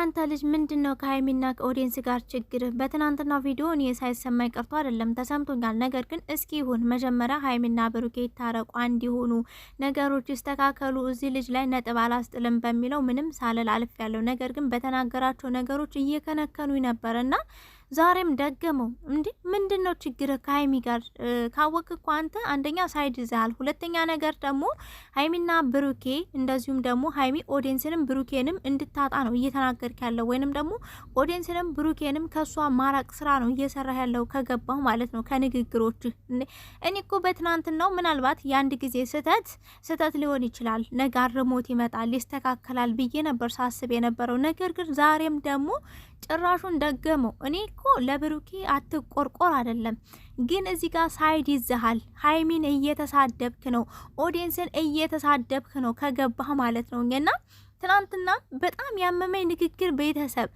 ያንተ ልጅ ምንድን ነው ከሀይሚና ከኦዲየንስ ጋር ችግር? በትናንትናው ቪዲዮ እኔ ሳይሰማኝ ቀርቶ አይደለም ተሰምቶኛል። ነገር ግን እስኪ ይሁን መጀመሪያ ሀይሚና ብሩኬ ይታረቁ፣ አንድ ይሁኑ፣ ነገሮች ይስተካከሉ፣ እዚህ ልጅ ላይ ነጥብ አላስጥልም በሚለው ምንም ሳልል አልፍ ያለው ነገር ግን በተናገራቸው ነገሮች እየከነከኑ ነበርና ዛሬም ደገመው። እንዴ ምንድን ነው ችግር ከሀይሚ ጋር ካወቅ እኮ አንተ አንደኛ ሳይድ ይዛል፣ ሁለተኛ ነገር ደግሞ ሀይሚና ብሩኬ እንደዚሁም ደግሞ ሀይሚ ኦዲንስንም ብሩኬንም እንድታጣ ነው እየተናገርክ ያለው ወይንም ደግሞ ኦዲንስንም ብሩኬንም ከእሷ ማራቅ ስራ ነው እየሰራ ያለው ከገባሁ ማለት ነው ከንግግሮች። እኔ እኮ በትናንትናው ምናልባት የአንድ ጊዜ ስህተት ስህተት ሊሆን ይችላል፣ ነጋር ሞት ይመጣል ይስተካከላል ብዬ ነበር ሳስብ የነበረው ነገር ግን ዛሬም ደግሞ ጭራሹን ደገመው። እኔ እኮ ለብሩኬ አትቆርቆር አይደለም ግን እዚህ ጋር ሳይድ ይዘሃል። ሀይሚን እየተሳደብክ ነው፣ ኦዲየንስን እየተሳደብክ ነው። ከገባህ ማለት ነው እና ትናንትና በጣም ያመመኝ ንግግር ቤተሰብ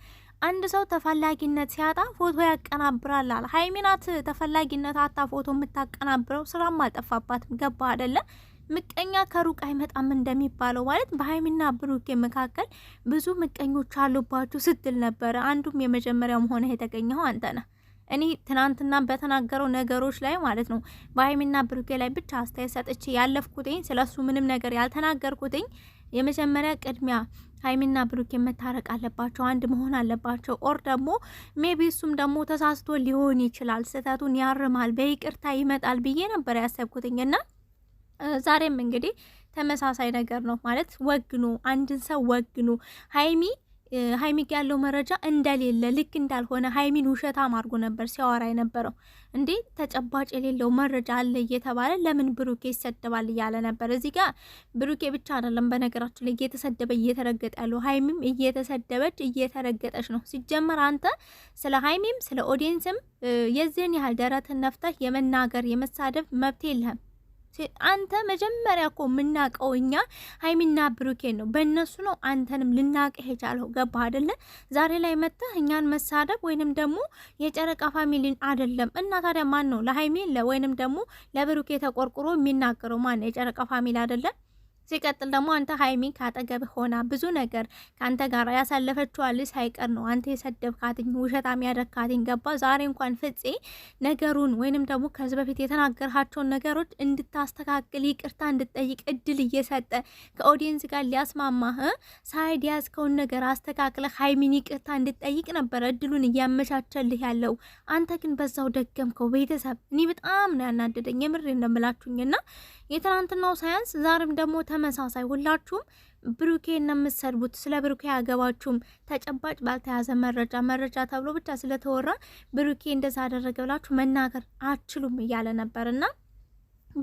አንድ ሰው ተፈላጊነት ሲያጣ ፎቶ ያቀናብራል አለ። ሀይሚናት ተፈላጊነት አታ ፎቶ የምታቀናብረው ስራም አልጠፋባትም። ገባ አይደለም ምቀኛ ከሩቅ አይመጣም እንደሚባለው ማለት በሀይሚና ብሩኬ መካከል ብዙ ምቀኞች አሉባችሁ ስትል ነበረ። አንዱም የመጀመሪያውም ሆነ የተገኘው አንተ ነህ። እኔ ትናንትና በተናገረው ነገሮች ላይ ማለት ነው በሀይሚና ብሩኬ ላይ ብቻ አስተያየት ሰጥቼ ያለፍኩትኝ ስለሱ ምንም ነገር ያልተናገርኩትኝ የመጀመሪያ ቅድሚያ ሀይሚና ብሩኬ መታረቅ አለባቸው፣ አንድ መሆን አለባቸው። ኦር ደግሞ ሜቢ እሱም ደግሞ ተሳስቶ ሊሆን ይችላል፣ ስህተቱን ያርማል፣ በይቅርታ ይመጣል ብዬ ነበር ያሰብኩትኝ እና ዛሬም እንግዲህ ተመሳሳይ ነገር ነው ማለት ወግኑ፣ አንድን ሰው ወግኑ። ሀይሚ ሀይሚ ያለው መረጃ እንደሌለ ልክ እንዳልሆነ ሀይሚን ውሸታም አድርጎ ነበር ሲያወራ የነበረው። እንዴ ተጨባጭ የሌለው መረጃ አለ እየተባለ ለምን ብሩኬ ይሰደባል እያለ ነበር። እዚህ ጋር ብሩኬ ብቻ አይደለም በነገራችን ላይ እየተሰደበ እየተረገጠ ያለው ሀይሚም እየተሰደበች እየተረገጠች ነው። ሲጀመር አንተ ስለ ሀይሚም ስለ ኦዲየንስም የዚህን ያህል ደረትን ነፍተህ የመናገር የመሳደብ መብት የለህም። አንተ መጀመሪያ እኮ የምናቀው እኛ ሀይሚና ብሩኬን ነው፣ በእነሱ ነው አንተንም ልናቀህ የቻለው። ገባ አደለ? ዛሬ ላይ መጥተህ እኛን መሳደብ ወይንም ደግሞ የጨረቃ ፋሚሊን አደለም። እና ታዲያ ማን ነው ለሀይሚ ወይንም ደግሞ ለብሩኬ ተቆርቁሮ የሚናገረው? ማን የጨረቃ ፋሚሊ አይደለም። ሲቀጥል ደግሞ አንተ ሀይሚ ካጠገብ ሆና ብዙ ነገር ከአንተ ጋር ያሳለፈችዋል ልጅ ሳይቀር ነው አንተ የሰደብካትኝ ውሸታም ያደረግካትኝ ገባ። ዛሬ እንኳን ፍጼ ነገሩን ወይንም ደግሞ ከዚህ በፊት የተናገርካቸውን ነገሮች እንድታስተካክል ይቅርታ እንድጠይቅ እድል እየሰጠ ከኦዲየንስ ጋር ሊያስማማህ ሳይድ ያዝከውን ነገር አስተካክለ ሀይሚን ይቅርታ እንድጠይቅ ነበር እድሉን እያመቻቸልህ ያለው። አንተ ግን በዛው ደገምከው። ቤተሰብ እኔ በጣም ነው ያናደደኝ። የምር እንደምላችሁኝና የትናንትናው ሳያንስ ዛሬም ደግሞ ተመሳሳይ ሁላችሁም ብሩኬን የምትሰድቡት ስለ ብሩኬ አያገባችሁም፣ ተጨባጭ ባልተያዘ መረጃ መረጃ ተብሎ ብቻ ስለተወራ ብሩኬ እንደዛ አደረገ ብላችሁ መናገር አችሉም እያለ ነበርና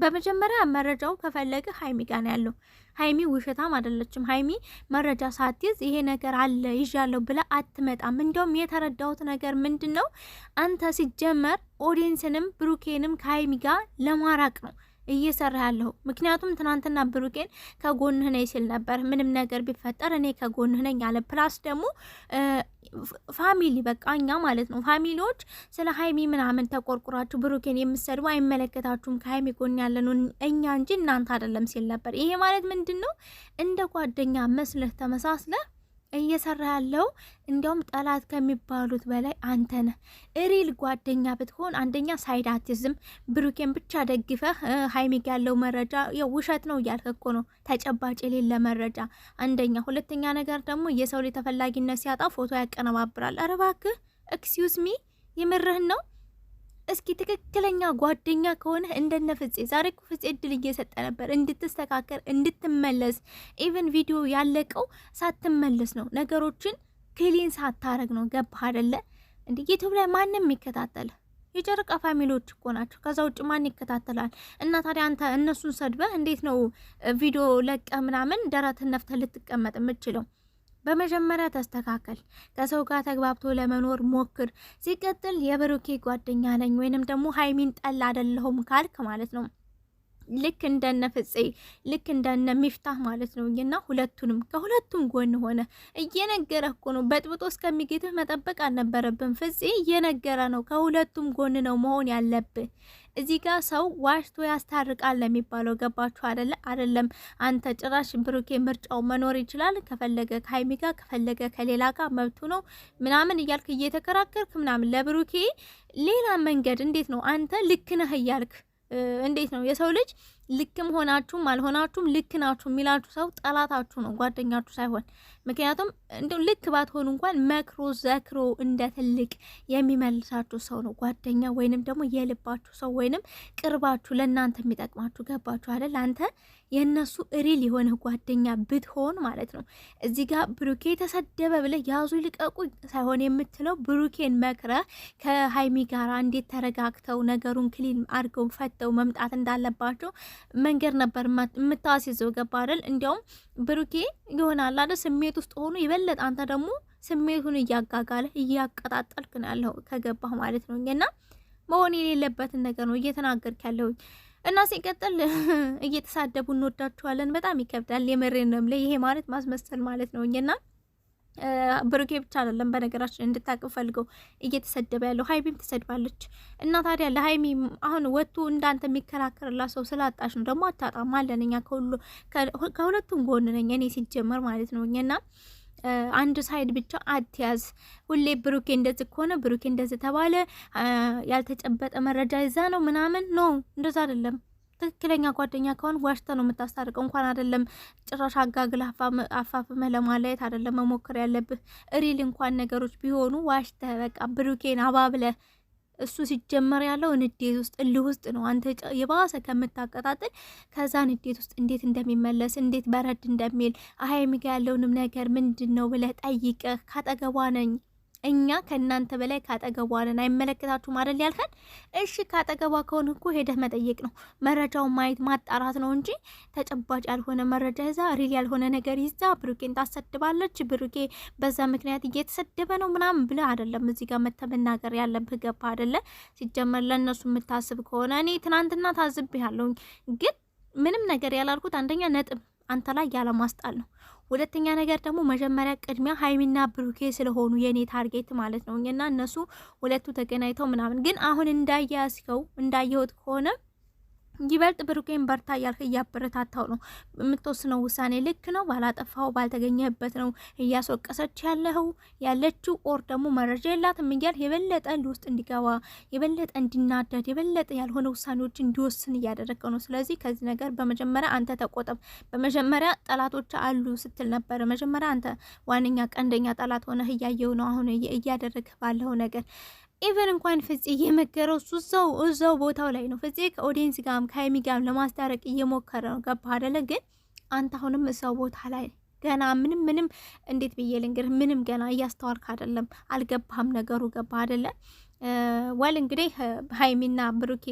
በመጀመሪያ መረጃው ከፈለገ ሀይሚ ጋር ነው ያለው። ሀይሚ ውሸታም አይደለችም። ሀይሚ መረጃ ሳትይዝ ይሄ ነገር አለ ይዣለሁ ብለ አትመጣም። እንደውም የተረዳሁት ነገር ምንድን ነው፣ አንተ ሲጀመር ኦዲየንስንም ብሩኬንም ከሀይሚ ጋር ለማራቅ ነው እየሰራ ያለሁ ምክንያቱም ትናንትና ብሩኬን ከጎንህ ነኝ ሲል ነበር። ምንም ነገር ቢፈጠር እኔ ከጎንህ ነኝ አለ። ፕላስ ደግሞ ፋሚሊ በቃ እኛ ማለት ነው ፋሚሊዎች ስለ ሀይሚ ምናምን ተቆርቁራችሁ ብሩኬን የምሰድቡ አይመለከታችሁም፣ ከሀይሚ ጎን ያለ ነው እኛ እንጂ እናንተ አይደለም ሲል ነበር። ይሄ ማለት ምንድን ነው? እንደ ጓደኛ መስለህ ተመሳስለህ እየሰራ ያለው እንዲያውም ጠላት ከሚባሉት በላይ አንተ ነህ። እሪል ጓደኛ ብትሆን አንደኛ ሳይድ አትዝም፣ ብሩኬን ብቻ ደግፈህ ሀይሚግ ያለው መረጃ ውሸት ነው እያልክ እኮ ነው፣ ተጨባጭ የሌለ መረጃ። አንደኛ ሁለተኛ ነገር ደግሞ የሰው ላይ ተፈላጊነት ሲያጣ ፎቶ ያቀነባብራል። አረ እባክህ፣ ኤክስኪዩዝ ሚ የምርህን ነው? እስኪ ትክክለኛ ጓደኛ ከሆነ እንደነ ፍጼ ዛሬ እኮ ፍጼ እድል እየሰጠ ነበር እንድትስተካከል እንድትመለስ። ኢቨን ቪዲዮ ያለቀው ሳትመለስ ነው፣ ነገሮችን ክሊን ሳታረግ ነው። ገባህ አደለ? እንዲ ዩቱብ ላይ ማንም ይከታተል የጨረቃ ፋሚሊዎች እኮ ናቸው። ከዛ ውጭ ማን ይከታተላል? እና ታዲያ አንተ እነሱን ሰድበህ እንዴት ነው ቪዲዮ ለቀ ምናምን ደረትህን ነፍተህ ልትቀመጥ የምችለው? በመጀመሪያ ተስተካከል፣ ከሰው ጋር ተግባብቶ ለመኖር ሞክር። ሲቀጥል የብሩኬ ጓደኛ ነኝ ወይንም ደግሞ ሀይሚን ጠል አደለሁም ካልክ ማለት ነው ልክ እንደነ ፍፄ ልክ እንደነ ሚፍታህ ማለት ነው። እና ሁለቱንም ከሁለቱም ጎን ሆነ እየነገረ እኮ ነው። በጥብጦ እስከሚጌትህ መጠበቅ አልነበረብን። ፍፄ እየነገረ ነው። ከሁለቱም ጎን ነው መሆን ያለብህ። እዚህ ጋር ሰው ዋሽቶ ያስታርቃል ለሚባለው ገባችሁ አደለ? አደለም። አንተ ጭራሽ ብሩኬ ምርጫው መኖር ይችላል፣ ከፈለገ ከሀይሚ ጋር ከፈለገ ከሌላ ጋር መብቱ ነው ምናምን እያልክ እየተከራከርክ ምናምን ለብሩኬ ሌላ መንገድ እንዴት ነው አንተ ልክ ነህ እያልክ እንዴት ነው የሰው ልጅ ልክም ሆናችሁም አልሆናችሁም ልክ ናችሁ የሚላችሁ ሰው ጠላታችሁ ነው፣ ጓደኛችሁ ሳይሆን። ምክንያቱም እንዲሁ ልክ ባትሆኑ እንኳን መክሮ ዘክሮ እንደ ትልቅ የሚመልሳችሁ ሰው ነው ጓደኛ፣ ወይንም ደግሞ የልባችሁ ሰው ወይንም ቅርባችሁ፣ ለእናንተ የሚጠቅማችሁ። ገባችሁ አይደል? አንተ የእነሱ ሪል የሆነ ጓደኛ ብትሆን ማለት ነው። እዚህ ጋር ብሩኬ ተሰደበ ብለህ ያዙ ልቀቁ ሳይሆን የምትለው ብሩኬን መክረህ ከሀይሚ ጋር እንዴት ተረጋግተው ነገሩን ክሊን አድርገው ፈተው መምጣት እንዳለባቸው መንገድ ነበር የምታስይዘው። ገባ አይደል? እንዲያውም ብሩኬ ይሆናል አይደል ስሜት ውስጥ ሆኖ ይበለጥ አንተ ደግሞ ስሜቱን እያጋጋለህ እያቀጣጠልክ ነው ያለው ከገባህ ማለት ነው እና መሆን የሌለበትን ነገር ነው እየተናገርክ ያለሁኝ። እና ሲቀጥል እየተሳደቡ እንወዳችኋለን። በጣም ይከብዳል። የመሬን ነው ይሄ ማለት ማስመሰል ማለት ነው እና ብሩኬ ብቻ አይደለም በነገራችን እንድታቅም ፈልገው እየተሰደበ ያለው ሀይሚም ትሰድባለች። እና ታዲያ ለሀይሚ አሁን ወጥቶ እንዳንተ የሚከራከርላ ሰው ስላጣች ነው ደግሞ አታጣም አለን። እኛ ከሁለቱም ጎን ነኝ እኔ ሲጀመር ማለት ነው እና አንድ ሳይድ ብቻ አትያዝ። ሁሌ ብሩኬ እንደዚህ ከሆነ ብሩኬ እንደዚህ ተባለ ያልተጨበጠ መረጃ ይዛ ነው ምናምን ነው እንደዛ አይደለም። ትክክለኛ ጓደኛ ከሆን ዋሽተ ነው የምታስታርቀው። እንኳን አደለም ጭራሽ አጋግል አፋፍመህ ለማለየት አደለም መሞከር ያለብህ። ሪል እንኳን ነገሮች ቢሆኑ ዋሽተ በቃ ብሩኬን አባብለ እሱ ሲጀመር ያለው ንዴት ውስጥ እልህ ውስጥ ነው። አንተ የባሰ ከምታቀጣጥል ከዛ ንዴት ውስጥ እንዴት እንደሚመለስ እንዴት በረድ እንደሚል ሀይሚ ጋ ያለውንም ነገር ምንድን ነው ብለህ ጠይቀህ ካጠገቧ ነኝ እኛ ከእናንተ በላይ ካጠገቧ ነን፣ አይመለከታችሁም አደል ያልከን? እሺ ካጠገቧ ከሆን እኮ ሄደህ መጠየቅ ነው፣ መረጃውን ማየት ማጣራት ነው እንጂ ተጨባጭ ያልሆነ መረጃ ይዛ ሪል ያልሆነ ነገር ይዛ ብሩኬን ታሰድባለች፣ ብሩኬ በዛ ምክንያት እየተሰደበ ነው ምናምን ብለህ አይደለም እዚህ ጋር መተ መናገር ያለብህ። ገባ አደለ? ሲጀመር ለእነሱ የምታስብ ከሆነ እኔ ትናንትና ታዝብህ ያለውኝ ግን ምንም ነገር ያላልኩት አንደኛ ነጥብ አንተ ላይ ያለማስጣል ነው ሁለተኛ ነገር ደግሞ መጀመሪያ ቅድሚያ ሀይሚና ብሩኬ ስለሆኑ የኔ ታርጌት ማለት ነው እና እነሱ ሁለቱ ተገናኝተው ምናምን ግን አሁን እንዳያስከው እንዳየሁት ከሆነ ይበልጥ ብሩኬን በርታ እያልክ እያበረታታው ነው። የምትወስነው ውሳኔ ልክ ነው፣ ባላጠፋው ባልተገኘበት ነው እያስወቀሰች ያለው ያለችው ኦር ደግሞ መረጃ የላትም እያል የበለጠ ውስጥ እንዲገባ የበለጠ እንዲናደድ የበለጠ ያልሆነ ውሳኔዎች እንዲወስን እያደረገ ነው። ስለዚህ ከዚህ ነገር በመጀመሪያ አንተ ተቆጠብ። በመጀመሪያ ጠላቶች አሉ ስትል ነበር። መጀመሪያ አንተ ዋነኛ ቀንደኛ ጠላት ሆነህ እያየው ነው አሁን እያደረግህ ባለው ነገር ኢቨን እንኳን ፍፄ የመገረው እሱ ሰው እዛው ቦታው ላይ ነው። ፍፄ ከኦዲንስ ጋርም ከሀይሚ ጋርም ለማስታረቅ እየሞከረ ነው። ገባ አይደለ? ግን አንተ አሁንም እዛው ቦታ ላይ ገና ምንም ምንም እንዴት ብዬ ልንገርህ፣ ምንም ገና እያስተዋልክ አይደለም፣ አልገባህም ነገሩ። ገባ አይደለ? ወል እንግዲህ ሀይሚና ብሩኬ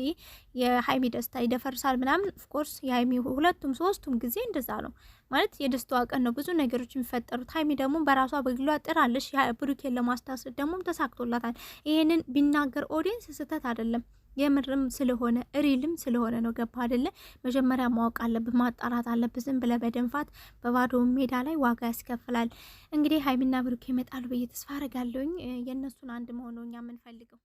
የሀይሚ ደስታ ይደፈርሳል ምናምን። ኦፍኮርስ የሀይሚ ሁለቱም ሶስቱም ጊዜ እንደዛ ነው ማለት የደስታዋ ቀን ነው፣ ብዙ ነገሮች የሚፈጠሩት። ሀይሚ ደግሞ በራሷ በግሏ ጥራለች፣ ብሩኬን ለማስታሰር ደግሞ ተሳክቶላታል። ይህንን ቢናገር ኦዲየንስ ስህተት አይደለም። የምርም ስለሆነ ሪልም ስለሆነ ነው። ገባ አይደለ? መጀመሪያ ማወቅ አለብህ፣ ማጣራት አለብህ። ዝም ብለህ በደንፋት በባዶ ሜዳ ላይ ዋጋ ያስከፍላል። እንግዲህ ሀይሚና ብሩክ ይመጣሉ ብዬ ተስፋ አረጋለሁኝ። የእነሱን አንድ መሆኑ እኛ የምንፈልገው